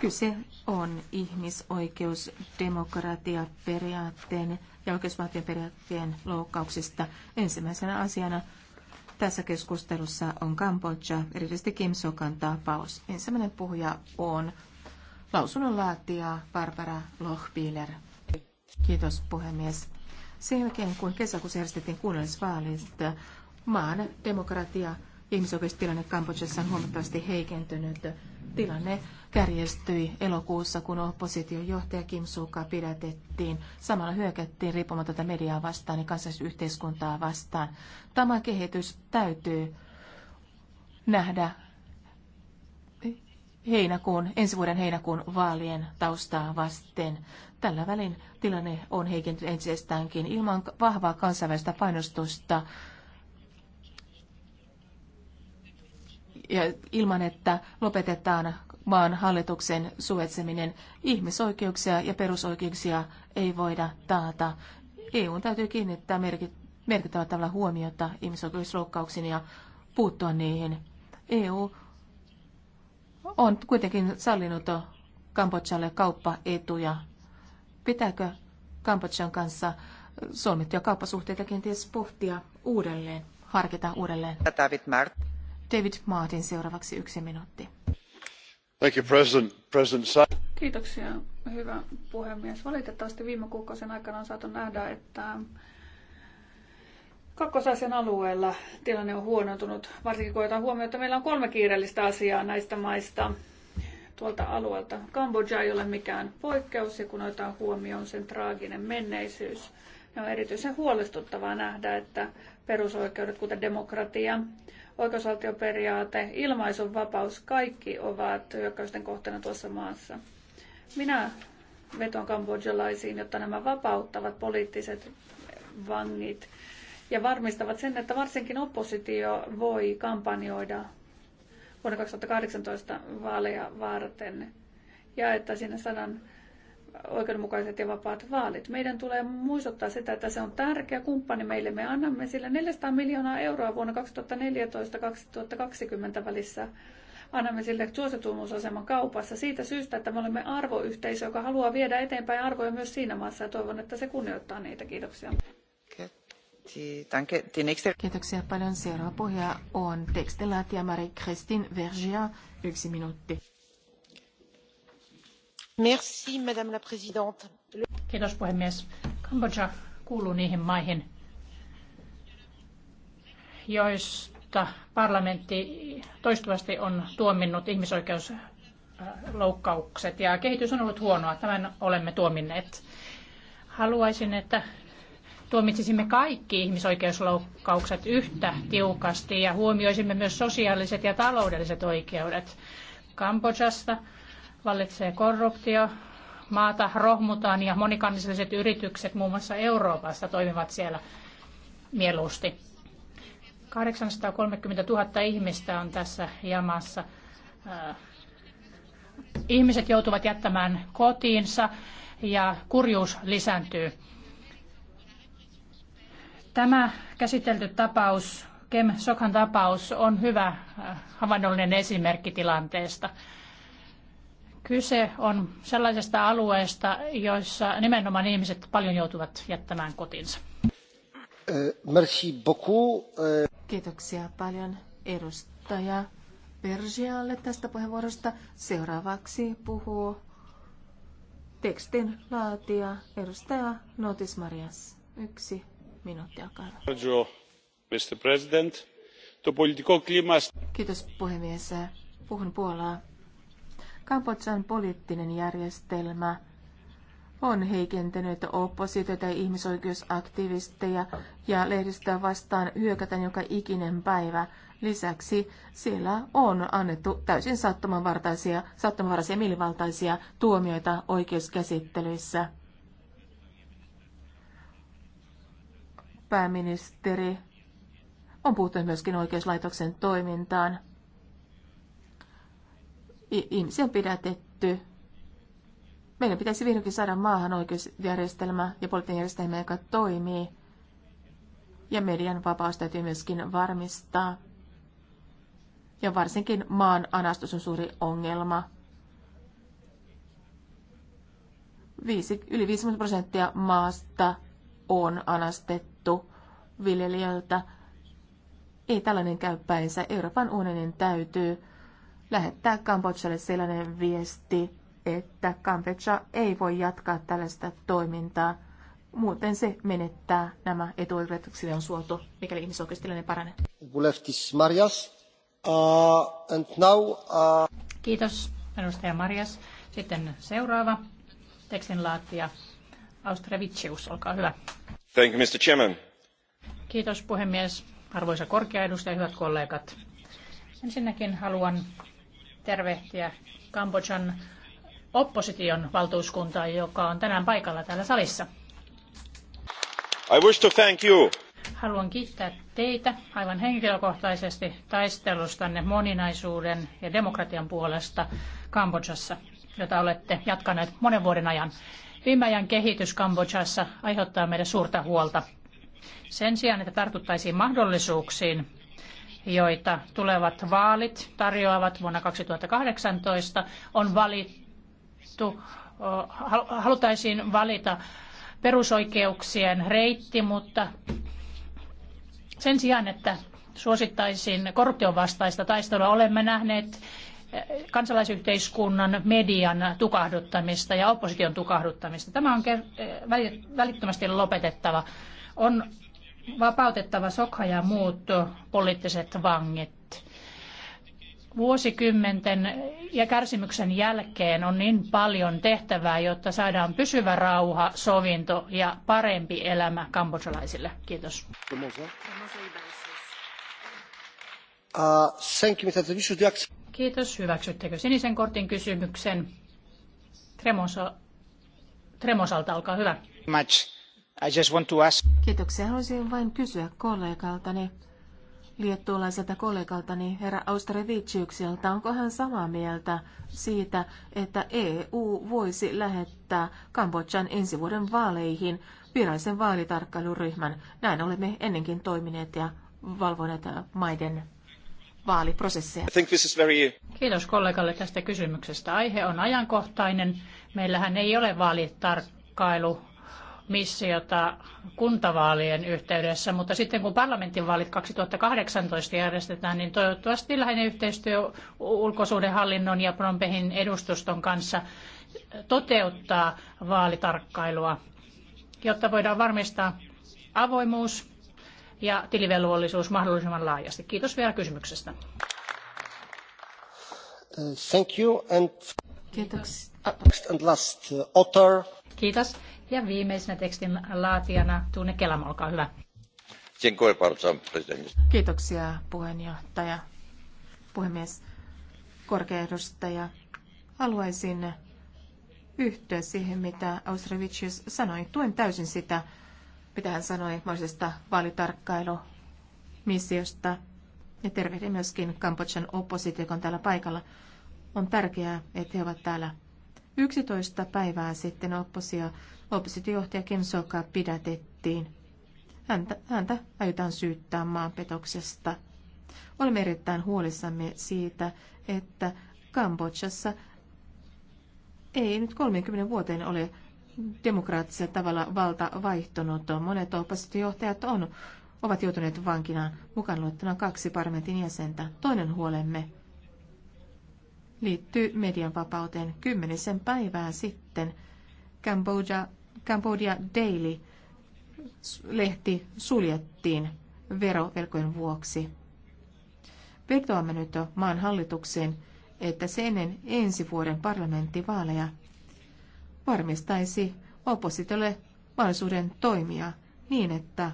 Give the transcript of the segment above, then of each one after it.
Kyse on ihmisoikeus, demokratia, periaatteen ja oikeusvaltion periaatteen loukkauksista. Ensimmäisenä asiana tässä keskustelussa on Kambodža, erityisesti Kim Sokan tapaus. Ensimmäinen puhuja on lausunnonlaatija Barbara Lochbieler. Kiitos puhemies. Sen jälkeen, kun kesäkuussa järjestettiin kunnallisvaalit, maan demokratia ihmisoikeustilanne Kambodžassa on huomattavasti heikentynyt. Tilanne kärjestyi elokuussa, kun johtaja Kim Suka pidätettiin. Samalla hyökättiin riippumatonta mediaa vastaan ja kansallisyhteiskuntaa vastaan. Tämä kehitys täytyy nähdä heinäkuun, ensi vuoden heinäkuun vaalien taustaa vasten. Tällä välin tilanne on heikentynyt entisestäänkin ilman vahvaa kansainvälistä painostusta ja ilman, että lopetetaan maan hallituksen suetseminen. Ihmisoikeuksia ja perusoikeuksia ei voida taata. EU täytyy kiinnittää merkittävällä tavalla huomiota ihmisoikeusloukkauksiin ja puuttua niihin. EU on kuitenkin sallinut Kambodžalle kauppaetuja. Pitääkö Kambodžan kanssa solmittuja kauppasuhteita kenties pohtia uudelleen, harkita uudelleen? David Mart. David Martin seuraavaksi yksi minuutti. Thank you, President. President Kiitoksia, hyvä puhemies. Valitettavasti viime kuukausien aikana on saatu nähdä, että Kakkosasian alueella tilanne on huonontunut, varsinkin kun otetaan huomioon, että meillä on kolme kiireellistä asiaa näistä maista tuolta alueelta. Kambodža ei ole mikään poikkeus ja kun otetaan huomioon sen traaginen menneisyys, niin on erityisen huolestuttavaa nähdä, että perusoikeudet, kuten demokratia, oikeusvaltioperiaate, ilmaisunvapaus, kaikki ovat hyökkäysten kohteena tuossa maassa. Minä veton kambodjalaisiin, jotta nämä vapauttavat poliittiset vangit ja varmistavat sen, että varsinkin oppositio voi kampanjoida vuonna 2018 vaaleja varten ja että siinä sadan oikeudenmukaiset ja vapaat vaalit. Meidän tulee muistuttaa sitä, että se on tärkeä kumppani meille. Me annamme sille 400 miljoonaa euroa vuonna 2014-2020 välissä. Annamme sille suosituimuusaseman kaupassa siitä syystä, että me olemme arvoyhteisö, joka haluaa viedä eteenpäin arvoja myös siinä maassa ja toivon, että se kunnioittaa niitä. Kiitoksia. Kiitoksia paljon. Seuraava puhuja on tekstilaatia Marie-Christine Vergia. Yksi minuutti. Kiitos puhemies. Kambodža kuuluu niihin maihin, joista parlamentti toistuvasti on tuominnut ihmisoikeusloukkaukset ja kehitys on ollut huonoa. Tämän olemme tuominneet. Haluaisin, että tuomitsisimme kaikki ihmisoikeusloukkaukset yhtä tiukasti ja huomioisimme myös sosiaaliset ja taloudelliset oikeudet. Kambodžasta Vallitsee korruptio, maata rohmutaan ja monikansalliset yritykset muun muassa Euroopasta toimivat siellä mieluusti. 830 000 ihmistä on tässä jamassa. Äh, ihmiset joutuvat jättämään kotiinsa ja kurjuus lisääntyy. Tämä käsitelty tapaus, Kem Sokan tapaus, on hyvä äh, havainnollinen esimerkki tilanteesta. Kyse on sellaisesta alueesta, jossa nimenomaan ihmiset paljon joutuvat jättämään kotinsa. Eh, merci beaucoup. Eh. Kiitoksia paljon edustaja Persialle tästä puheenvuorosta. Seuraavaksi puhuu tekstin laatija edustaja Notis Marias. Yksi minuutti, alkaa. Mr. President, to Kiitos puhemies. Puhun Puolaa Kambodsan poliittinen järjestelmä on heikentynyt oppositiota ja ihmisoikeusaktivisteja ja lehdistöä vastaan hyökätään joka ikinen päivä. Lisäksi siellä on annettu täysin sattumanvaraisia, sattumanvaraisia mielivaltaisia tuomioita oikeuskäsittelyissä. Pääministeri on puhuttu myöskin oikeuslaitoksen toimintaan ihmisiä on pidätetty. Meidän pitäisi vihdoinkin saada maahan oikeusjärjestelmä ja poliittinen järjestelmä, joka toimii. Ja median vapaus täytyy myöskin varmistaa. Ja varsinkin maan anastus on suuri ongelma. Viisi, yli 50 prosenttia maasta on anastettu viljelijöiltä. Ei tällainen käy päinsä. Euroopan unionin täytyy lähettää Kambodžalle sellainen viesti, että Kambodža ei voi jatkaa tällaista toimintaa. Muuten se menettää nämä etuoikeudet, sille on suotu, mikäli ihmisoikeustilanne paranee. Marjas. Uh, and now, uh... Kiitos, edustaja Marjas. Sitten seuraava tekstinlaatija, Austrevicius, olkaa hyvä. Thank you, Mr. Chairman. Kiitos puhemies, arvoisa korkea edustaja, hyvät kollegat. Ensinnäkin haluan tervehtiä Kambodjan opposition valtuuskuntaa, joka on tänään paikalla täällä salissa. I wish to thank you. Haluan kiittää teitä aivan henkilökohtaisesti taistelustanne moninaisuuden ja demokratian puolesta Kambodjassa, jota olette jatkaneet monen vuoden ajan. Viime ajan kehitys Kambodjassa aiheuttaa meidän suurta huolta. Sen sijaan, että tartuttaisiin mahdollisuuksiin, joita tulevat vaalit tarjoavat vuonna 2018, on valittu, halutaisiin valita perusoikeuksien reitti, mutta sen sijaan, että suosittaisiin korruption vastaista taistelua, olemme nähneet kansalaisyhteiskunnan, median tukahduttamista ja opposition tukahduttamista. Tämä on välittömästi lopetettava. On vapautettava Sokha ja muut poliittiset vangit. Vuosikymmenten ja kärsimyksen jälkeen on niin paljon tehtävää, jotta saadaan pysyvä rauha, sovinto ja parempi elämä kambodsalaisille. Kiitos. Kiitos. Hyväksyttekö sinisen kortin kysymyksen? Tremosa, Tremosalta, olkaa hyvä. I just want to ask... Kiitoksia. Haluaisin vain kysyä kollegaltani, liettualaiselta kollegaltani, herra Austreviciukselta, onko hän samaa mieltä siitä, että EU voisi lähettää Kambodjan ensi vuoden vaaleihin virallisen vaalitarkkailuryhmän. Näin olemme ennenkin toimineet ja valvoneet maiden vaaliprosesseja. Very... Kiitos kollegalle tästä kysymyksestä. Aihe on ajankohtainen. Meillähän ei ole vaalitarkkailu missiota kuntavaalien yhteydessä, mutta sitten kun parlamenttivaalit 2018 järjestetään, niin toivottavasti läheinen yhteistyö ulkosuhdehallinnon ja Prompehin edustuston kanssa toteuttaa vaalitarkkailua, jotta voidaan varmistaa avoimuus ja tilivelvollisuus mahdollisimman laajasti. Kiitos vielä kysymyksestä. Thank you and Kiitos. And last uh, author. Kiitos. Ja viimeisenä tekstin laatijana Tuune Kelam, olkaa hyvä. Kiitoksia puheenjohtaja, puhemies, korkeedustaja. Haluaisin yhtyä siihen, mitä Austrovicius sanoi. Tuen täysin sitä, mitä hän sanoi mahdollisesta vaalitarkkailumissiosta. Ja tervehdin myöskin Kampotsan oppositio, joka on täällä paikalla. On tärkeää, että he ovat täällä 11 päivää sitten oppositio Oppositiojohtaja Kim Soka pidätettiin. Häntä, häntä aiotaan syyttää maanpetoksesta. Olemme erittäin huolissamme siitä, että Kambodžassa ei nyt 30 vuoteen ole demokraattisella tavalla valta vaihtunut. Monet oppositiojohtajat on, ovat joutuneet vankinaan mukaan luettuna kaksi parlamentin jäsentä. Toinen huolemme liittyy median vapauteen. Kymmenisen päivää sitten Kambodža Cambodia Daily-lehti suljettiin verovelkojen vuoksi. Vetoamme nyt maan hallitukseen, että se ennen ensi vuoden parlamenttivaaleja varmistaisi oppositiolle mahdollisuuden toimia niin, että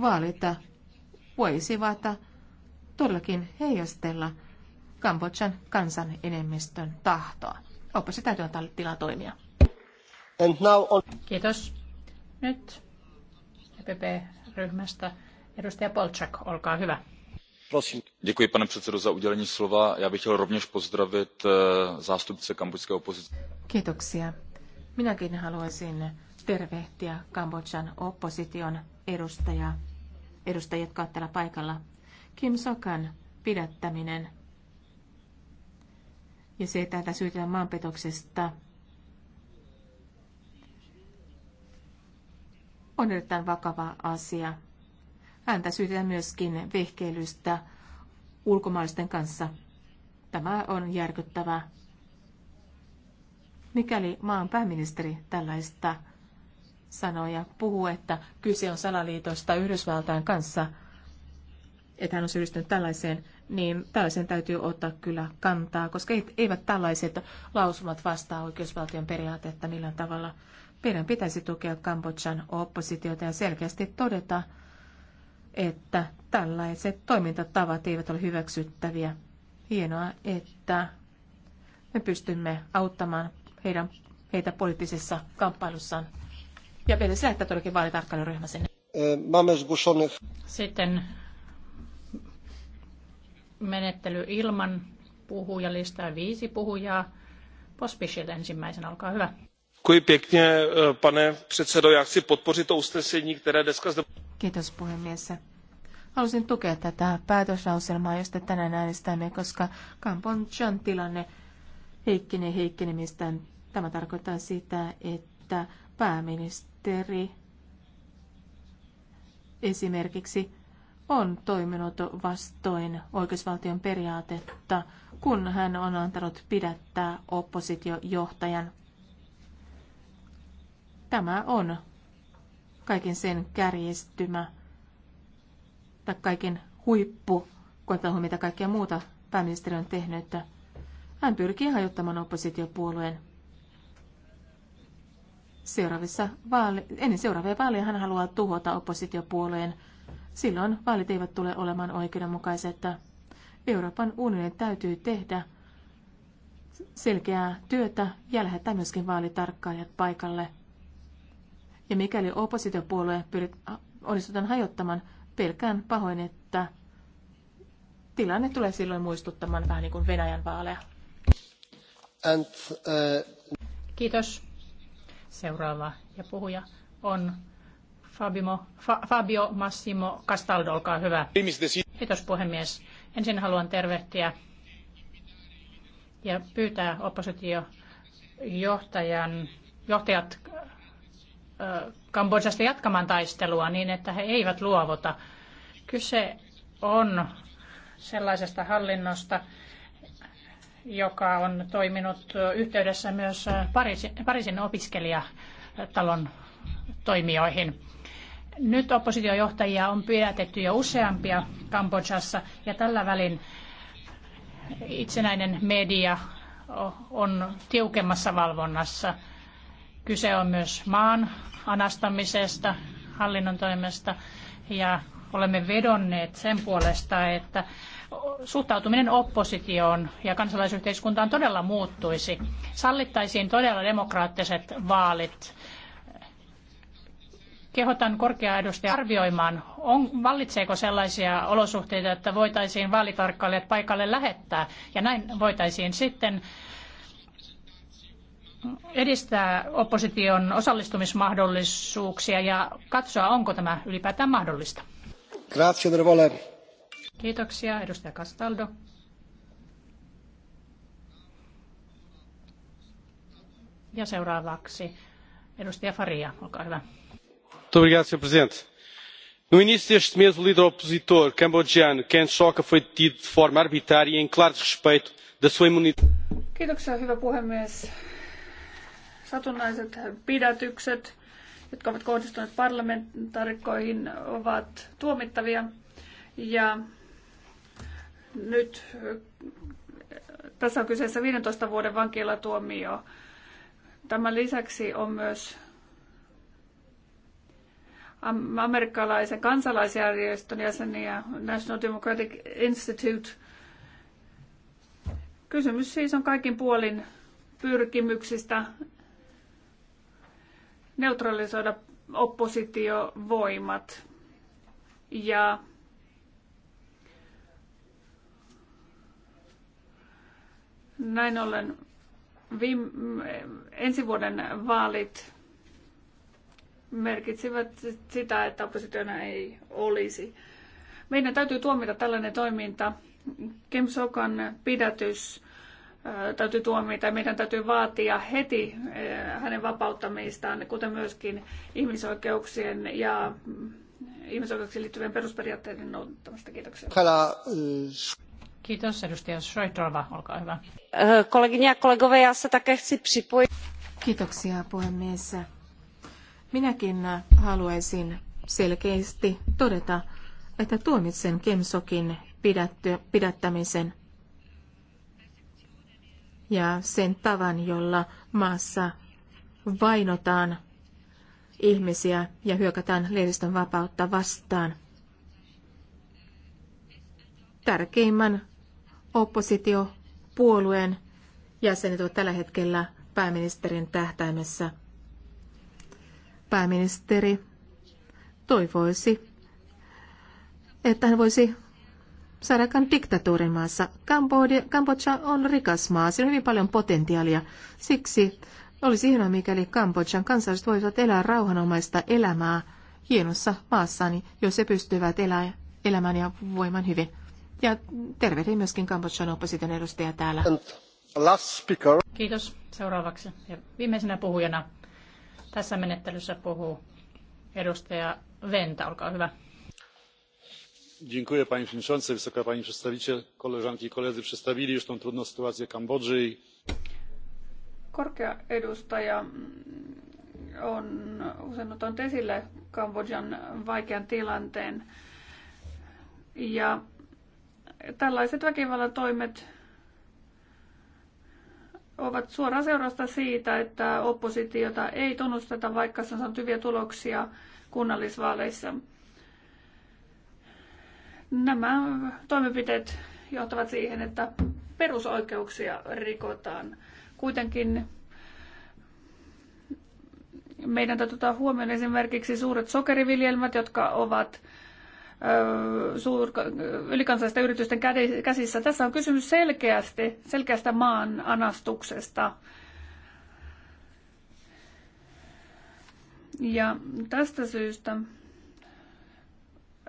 vaalita voisivat todellakin heijastella Kambodjan kansan enemmistön tahtoa. Oppositioon täytyy antaa tilaa toimia. And now on... Kiitos. Nyt EPP-ryhmästä edustaja Polčak, olkaa hyvä. Prosím. Děkuji, pane předsedo, za udělení slova. Já bych chtěl rovněž pozdravit eh, zástupce kambodžské opozice. Kiitoksia. Minäkin haluaisin tervehtiä Kambodžan opposition edustaja, edustajia, jotka ovat täällä paikalla. Kim Sokan pidättäminen ja se, että häntä syytetään maanpetoksesta – on erittäin vakava asia. Häntä syytetään myöskin vehkeilystä ulkomaalaisten kanssa. Tämä on järkyttävää. Mikäli maan pääministeri tällaista sanoo ja puhuu, että kyse on salaliitosta Yhdysvaltain kanssa, että hän on syyllistynyt tällaiseen, niin tällaisen täytyy ottaa kyllä kantaa, koska eivät tällaiset lausumat vastaa oikeusvaltion periaatetta millään tavalla. Meidän pitäisi tukea Kambodjan oppositiota ja selkeästi todeta, että tällaiset toimintatavat eivät ole hyväksyttäviä. Hienoa, että me pystymme auttamaan heidän, heitä poliittisessa kamppailussaan. Ja vielä se, että todellakin vaalitarkkailuryhmä sinne. Sitten menettely ilman puhujalistaa viisi puhujaa. Pospisil ensimmäisenä, olkaa hyvä. Eh, pane předsedající já chci podpořit to usnesení které dnes zde. Kiitos puhemies. Halusin tukea tätä päätöslauselmaa, josta tänään äänestämme, koska Kambodžan tilanne heikkenee heikkenemistään. Tämä tarkoittaa sitä, että pääministeri esimerkiksi on toiminut vastoin oikeusvaltion periaatetta, kun hän on antanut pidättää oppositiojohtajan Tämä on kaiken sen kärjestymä tai kaiken huippu, kun on mitä kaikkea muuta pääministeri on tehnyt. että Hän pyrkii hajottamaan oppositiopuolueen. Seuraavissa vaali, ennen seuraavia vaaleja hän haluaa tuhota oppositiopuolueen. Silloin vaalit eivät tule olemaan oikeudenmukaiset. Euroopan unionin täytyy tehdä selkeää työtä ja lähettää myöskin vaalitarkkailijat paikalle – ja mikäli oppositiopuolue pyrit, onnistutaan hajottamaan, pelkään pahoin, että tilanne tulee silloin muistuttamaan vähän niin kuin Venäjän vaaleja. And, uh... Kiitos. Seuraava ja puhuja on Fabio, Fa, Fabio Massimo Castaldo, olkaa hyvä. Kiitos puhemies. Ensin haluan tervehtiä ja pyytää oppositiojohtajan johtajat Kambodžasta jatkamaan taistelua niin, että he eivät luovuta. Kyse on sellaisesta hallinnosta, joka on toiminut yhteydessä myös Pariisin opiskelijatalon toimijoihin. Nyt oppositiojohtajia on pidätetty jo useampia Kambodžassa ja tällä välin itsenäinen media on tiukemmassa valvonnassa – Kyse on myös maan anastamisesta hallinnon toimesta ja olemme vedonneet sen puolesta, että suhtautuminen oppositioon ja kansalaisyhteiskuntaan todella muuttuisi. Sallittaisiin todella demokraattiset vaalit. Kehotan korkeaa edustajaa arvioimaan, on, vallitseeko sellaisia olosuhteita, että voitaisiin vaalitarkkailijat paikalle lähettää. Ja näin voitaisiin sitten edistää opposition osallistumismahdollisuuksia ja katsoa, onko tämä ylipäätään mahdollista. Grazie, onorevole. Kiitoksia, edustaja Castaldo. Ja seuraavaksi edustaja Faria, olkaa hyvä. Obrigado, senhor presidente. No início deste mês, o líder opositor cambodiano Ken Soka foi detido de forma arbitrária e em claro respeito da sua imunidade. Kiitoksia, hyvä puhemies satunnaiset pidätykset, jotka ovat kohdistuneet parlamentaarikkoihin, ovat tuomittavia. Ja nyt eh, tässä on kyseessä 15 vuoden vankilatuomio. Tämän lisäksi on myös amerikkalaisen kansalaisjärjestön jäseniä, National Democratic Institute. Kysymys siis on kaikin puolin pyrkimyksistä neutralisoida oppositiovoimat ja näin ollen viime, ensi vuoden vaalit merkitsivät sitä, että oppositiona ei olisi. Meidän täytyy tuomita tällainen toiminta. Kim Sokan pidätys täytyy tuomita ja meidän täytyy vaatia heti hänen vapauttamistaan, kuten myöskin ihmisoikeuksien ja mm, ihmisoikeuksiin liittyvien perusperiaatteiden noudattamista. Kiitoksia. Kiitos. Edustaja Schreidrova, olkaa hyvä. Kollegin ja kollegove, ja se také Kiitoksia puhemies. Minäkin haluaisin selkeästi todeta, että tuomitsen Kemsokin pidättämisen ja sen tavan, jolla maassa vainotaan ihmisiä ja hyökätään lehdistön vapautta vastaan. Tärkeimmän oppositiopuolueen jäsenet ovat tällä hetkellä pääministerin tähtäimessä. Pääministeri toivoisi, että hän voisi sarakan diktatuurin maassa. Kambodža on rikas maa, siinä on hyvin paljon potentiaalia. Siksi olisi hienoa, mikäli Kambodžan kansalaiset voisivat elää rauhanomaista elämää hienossa maassani, jos he pystyvät elää, elämään ja voiman hyvin. Ja tervehdin myöskin Kambodžan opposition edustaja täällä. Kiitos. Seuraavaksi ja viimeisenä puhujana tässä menettelyssä puhuu edustaja Venta. Olkaa hyvä panie przewodniczący! wysoka pani przedstawiciel! koleżanki i koledzy przedstawili już tę trudną sytuację kambodży i korkea edustaja mm, on usein ottanut esille kambodžan vaikean tilanteen ja tällaiset toimet ovat suora seurausta siitä, että oppositiota ei tunnusteta, vaikka se on saanut hyviä tuloksia kunnallisvaaleissa. Nämä toimenpiteet johtavat siihen, että perusoikeuksia rikotaan. Kuitenkin meidän täytyy huomioon esimerkiksi suuret sokeriviljelmät, jotka ovat suur, ylikansallisten yritysten käsissä. Tässä on kysymys selkeästi, selkeästä maan anastuksesta. Ja tästä syystä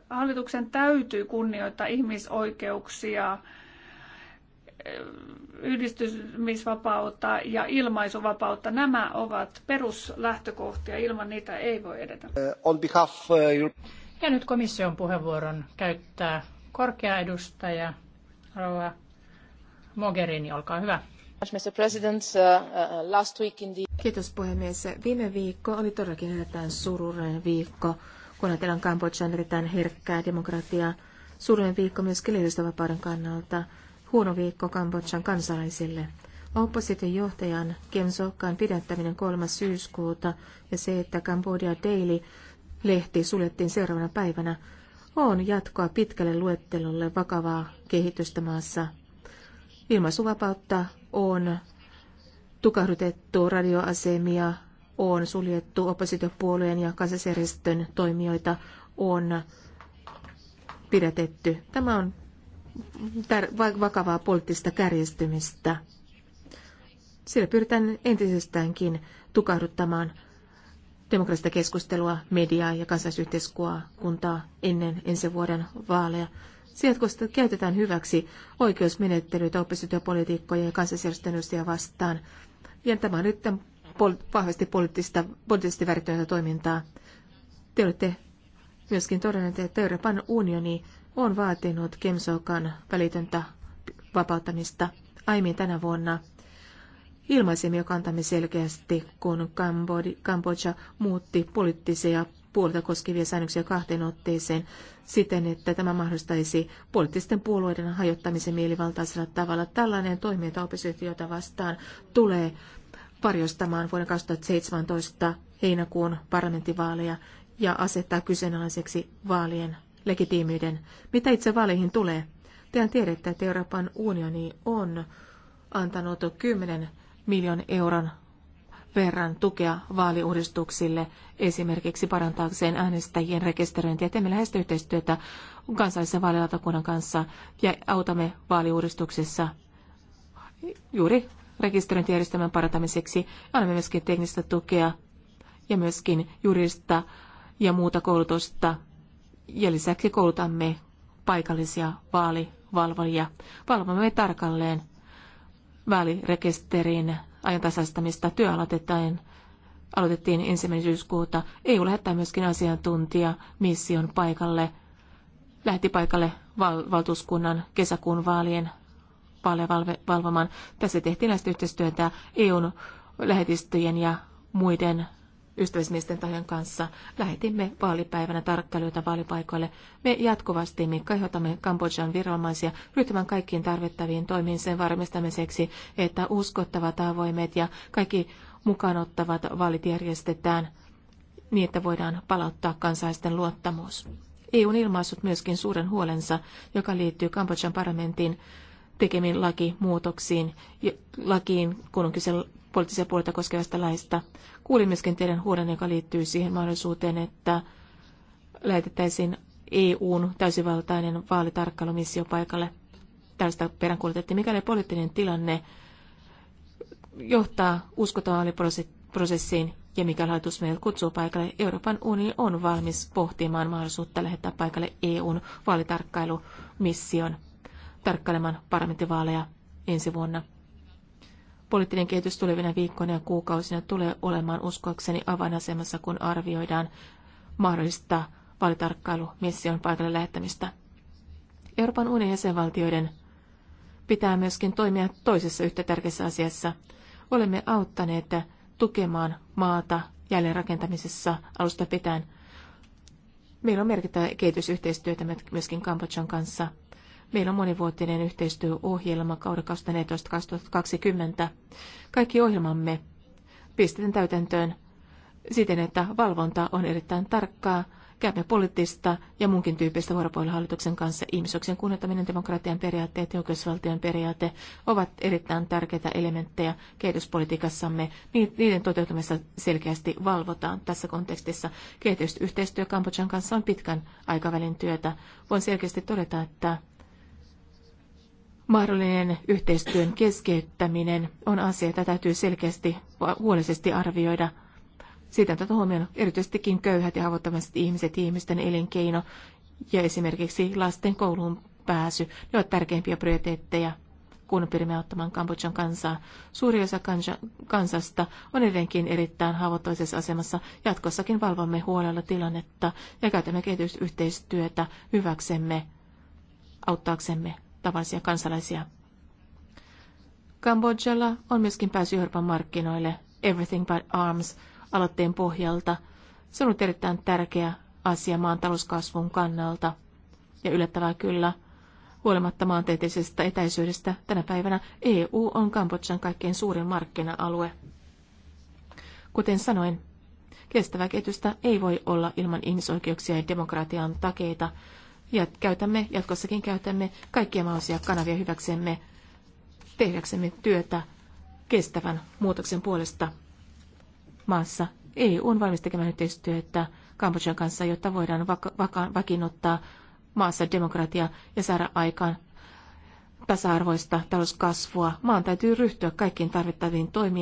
hallituksen täytyy kunnioittaa ihmisoikeuksia, yhdistymisvapautta ja ilmaisuvapautta. Nämä ovat peruslähtökohtia. Ilman niitä ei voi edetä. Eh, on behalf, eh, ja nyt komission puheenvuoron käyttää korkea edustaja Rova Mogherini. Olkaa hyvä. Uh, uh, Kiitos puhemies. Viime viikko oli todellakin erittäin surullinen viikko kun ajatellaan Kambodjan erittäin herkkää demokratiaa. Suurin viikko myös lehdistönvapauden kannalta. Huono viikko Kambodjan kansalaisille. Opposition johtajan Kim Sokkan pidättäminen 3. syyskuuta ja se, että Cambodia Daily-lehti suljettiin seuraavana päivänä, on jatkoa pitkälle luettelolle vakavaa kehitystä maassa. Ilmaisuvapautta on tukahdutettu radioasemia, on suljettu oppositiopuolueen ja kansalaisjärjestön toimijoita on pidätetty. Tämä on vakavaa poliittista kärjestymistä. Sillä pyritään entisestäänkin tukahduttamaan demokraattista keskustelua, mediaa ja kansalaisyhteiskuntaa ennen ensi vuoden vaaleja. Sieltä kun sitä käytetään hyväksi oikeusmenettelyitä oppositiopolitiikkoja ja kansalaisjärjestöjä vastaan. Ja tämä on nyt vahvasti poliittista, poliittisesti värittyneitä toimintaa. Te olette myöskin todenneet, että Euroopan unioni on vaatinut Kim Sokan välitöntä vapauttamista aiemmin tänä vuonna. Ilmaisimme jo kantamme selkeästi, kun Kambodža muutti poliittisia puolta koskevia säännöksiä kahteen otteeseen siten, että tämä mahdollistaisi poliittisten puolueiden hajottamisen mielivaltaisella tavalla. Tällainen toiminta oppositiota vastaan tulee varjostamaan vuoden 2017 heinäkuun parlamenttivaaleja ja asettaa kyseenalaiseksi vaalien legitiimiyden. Mitä itse vaaleihin tulee? Tehän tiedätte, että Euroopan unioni on antanut 10 miljoonan euron verran tukea vaaliuudistuksille, esimerkiksi parantaakseen äänestäjien rekisteröintiä. Teemme läheistä yhteistyötä kansallisen vaalilautakunnan kanssa ja autamme vaaliuudistuksessa juuri rekisteröintijärjestelmän parantamiseksi. Annamme myöskin teknistä tukea ja myöskin juridista ja muuta koulutusta. Ja lisäksi koulutamme paikallisia vaalivalvojia. Valvomme tarkalleen vaalirekisterin ajantasaistamista työaloitetaan aloitettiin ensimmäinen syyskuuta. EU lähettää myöskin asiantuntija mission paikalle, lähti paikalle val- valtuuskunnan kesäkuun vaalien kappale valvomaan. Tässä tehtiin näistä yhteistyötä EUn lähetistöjen ja muiden ystävismiesten tahojen kanssa. Lähetimme vaalipäivänä tarkkailijoita vaalipaikoille. Me jatkuvasti me kehotamme Kambodjan viranomaisia ryhtymään kaikkiin tarvittaviin toimiin sen varmistamiseksi, että uskottavat avoimet ja kaikki mukaan ottavat vaalit järjestetään niin, että voidaan palauttaa kansalaisten luottamus. EU on ilmaissut myöskin suuren huolensa, joka liittyy Kambodjan parlamentin pikemmin lakimuutoksiin, lakiin, kun on kyse poliittisia puolta koskevasta laista. Kuulin myöskin teidän huolen, joka liittyy siihen mahdollisuuteen, että lähetettäisiin EUn täysivaltainen vaalitarkkailumissio paikalle. Tällaista peräänkuulutettiin, mikäli poliittinen tilanne johtaa uskottavaan prosessiin ja mikä hallitus meidät kutsuu paikalle, Euroopan unioni on valmis pohtimaan mahdollisuutta lähettää paikalle EUn vaalitarkkailumission tarkkailemaan parlamenttivaaleja ensi vuonna. Poliittinen kehitys tulevina viikkoina ja kuukausina tulee olemaan uskoakseni avainasemassa, kun arvioidaan mahdollista vaalitarkkailumission paikalle lähettämistä. Euroopan unionin jäsenvaltioiden pitää myöskin toimia toisessa yhtä tärkeässä asiassa. Olemme auttaneet tukemaan maata jälleenrakentamisessa alusta pitäen. Meillä on merkittävä kehitysyhteistyötä myöskin Kambodjan kanssa – Meillä on monivuotinen yhteistyöohjelma kauden 2014-2020. Kaikki ohjelmamme pistetään täytäntöön siten, että valvonta on erittäin tarkkaa. Käymme poliittista ja munkin tyyppistä vuoropuolella kanssa. ihmisoksen kunnioittaminen, demokratian periaatteet ja oikeusvaltion periaate ovat erittäin tärkeitä elementtejä kehityspolitiikassamme. Niiden toteutumista selkeästi valvotaan tässä kontekstissa. Kehitysyhteistyö Kambodjan kanssa on pitkän aikavälin työtä. Voin selkeästi todeta, että Mahdollinen yhteistyön keskeyttäminen on asia, jota täytyy selkeästi huolellisesti arvioida. Siitä on huomioon erityisestikin köyhät ja haavoittavaiset ihmiset, ihmisten elinkeino ja esimerkiksi lasten kouluun pääsy. Ne ovat tärkeimpiä prioriteetteja, kun pyrimme auttamaan Kambodjan kansaa. Suuri osa kansasta on edelleenkin erittäin haavoittuvaisessa asemassa. Jatkossakin valvomme huolella tilannetta ja käytämme kehitysyhteistyötä hyväksemme auttaaksemme tavallisia kansalaisia. Kambodžalla on myöskin pääsy Euroopan markkinoille Everything but Arms aloitteen pohjalta. Se on ollut erittäin tärkeä asia maan talouskasvun kannalta. Ja yllättävää kyllä, huolimatta maantieteellisestä etäisyydestä, tänä päivänä EU on Kambodžan kaikkein suurin markkina-alue. Kuten sanoin, kestävää kehitystä ei voi olla ilman ihmisoikeuksia ja demokratian takeita ja käytämme, jatkossakin käytämme kaikkia mahdollisia kanavia hyväksemme, tehdäksemme työtä kestävän muutoksen puolesta maassa. EU on valmis tekemään yhteistyötä Kambodjan kanssa, jotta voidaan vaka- vaka- vakiinnuttaa maassa demokratia ja saada aikaan tasa-arvoista talouskasvua. Maan täytyy ryhtyä kaikkiin tarvittaviin toimiin